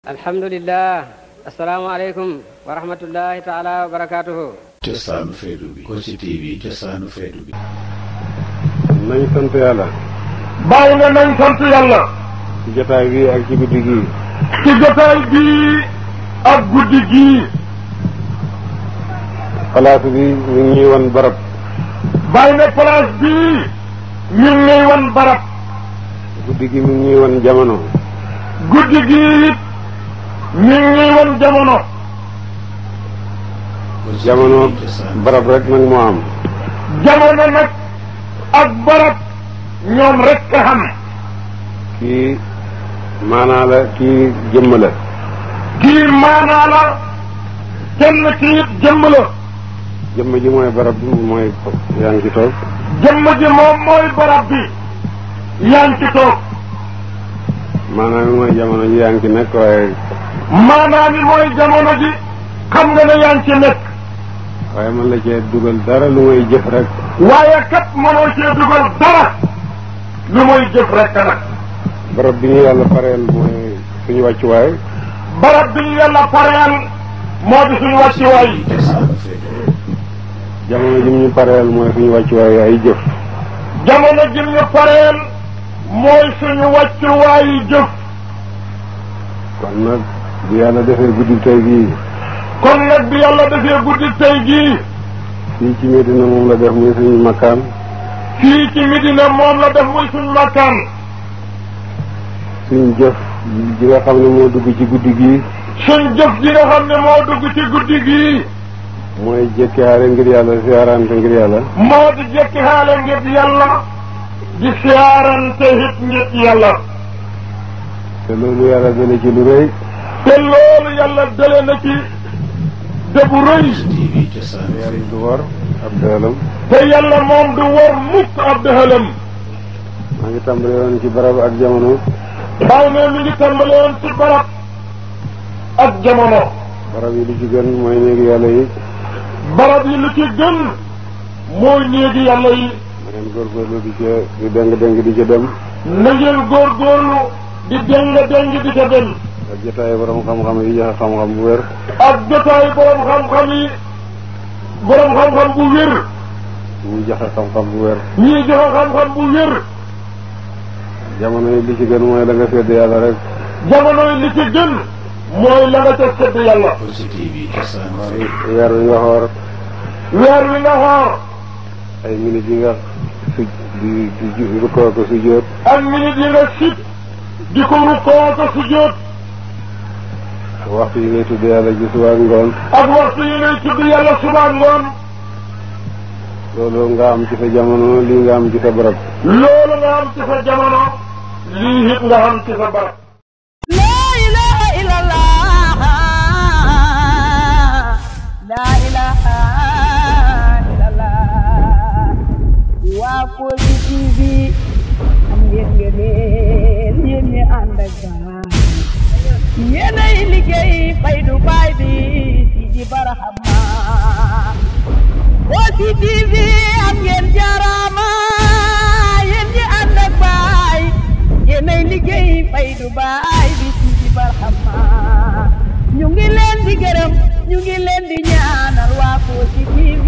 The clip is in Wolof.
alhamdulilah asalaamaaleykum wa rahmatullahi taala wa barakaatuhu cosaanu feetu bi Kossy TV cosaanu feetu bi nañ sant yàlla bàyyi nañ sant yàlla ci jotaay bi ak ci guddi gii ci jotaay bi ak guddi gii place bi ñu ñuy wan barab bàyyi na bi ñu ñuy wan barab guddi gi mi ñuy wan jamono guddi gi mi ngi wan jamono. jamono barab rek nag moo am. jamono nag ak barab ñoom rek ka xam. kii maanaa la kii jëmm la. kii maanaa la kenn kii jëmm la. jëmm ji mooy barab bi mooy yaa ngi ci toog. jëmm ji moom mooy barab bi yaa ngi ci toog. maanaam mooy jamono ji yaa ngi ci nekk waaye. maanaam it mooy jamono ji xam nga ne yaa ci nekk. waaye mën la cee dugal dara lu muy jëf rek. waaye kat mënoo cee dugal dara lu muy jëf rek nag. barab bi ñu yàlla pareel mooy suñu wàccuwaay. barab bi ñu yàlla ñu pareel mooy suñu wàccuwaay ay jëf. jamono jim ñu pareel mooy suñu wàccuwaay jëf. kon nag. bi yàlla defee guddi tey gii. kon nag bi yàlla defee guddi tey gii. fii ci Medina moom la def muy suñu makkaan. fii ci Medina moom la def muy suñu makkaan. suñ jëf ji nga xam ne moo dugg ci guddi gii. suñ jëf ji nga xam ne moo dugg ci guddi gii. mooy jekki xaale ngir yàlla siyaarante ngir yàlla. moo di jekki xaale ngir yàlla. di siyaarante it ngir yàlla. te loolu yàlla dana ci lu rëy. te loolu yàlla dale na ci dëbu rëy du war ab dëhalam te yàlla moom du war mukk ab dëhalam maa ngi tàmbale woon ci barab ak jamono baaw ne mi ngi tàmbale woon ci barab ak jamono barab yi lu ci gën mooy néegi yàlla yi barab yi lu ci gën mooy néegi yàlla yi na ngeen góorgóorlu di ca di déng déng di ca dem na ngeen góorgóorlu di déng déng di ca dem ak jotaayu borom xam-xam yi joxe xam-xam bu wér. ak jotaayu borom xam-xam bu wér. ñuy joxe xam-xam bu wér. ñuy joxe xam-xam bu wér. jamono yi li ci gën mooy la nga sedd yàlla rek. jamono li ci gën. mooy la nga ca sedd yàlla. weer wi nga weer wi nga ay minutes yi nga su di di rukkoo ko su jóot. yi nga sit di ko rukkoo ko su waxtu yi ngay tudd yàlla ci suba ak ngoon. nga am ci sa lii nga am ci sa barab. loolu nga am ci sa jamono nga am ci sa yéenay liggéey faydu baay ñu ngi leen di gërëm ñu ngi leen di ñaanal waa Kossy TV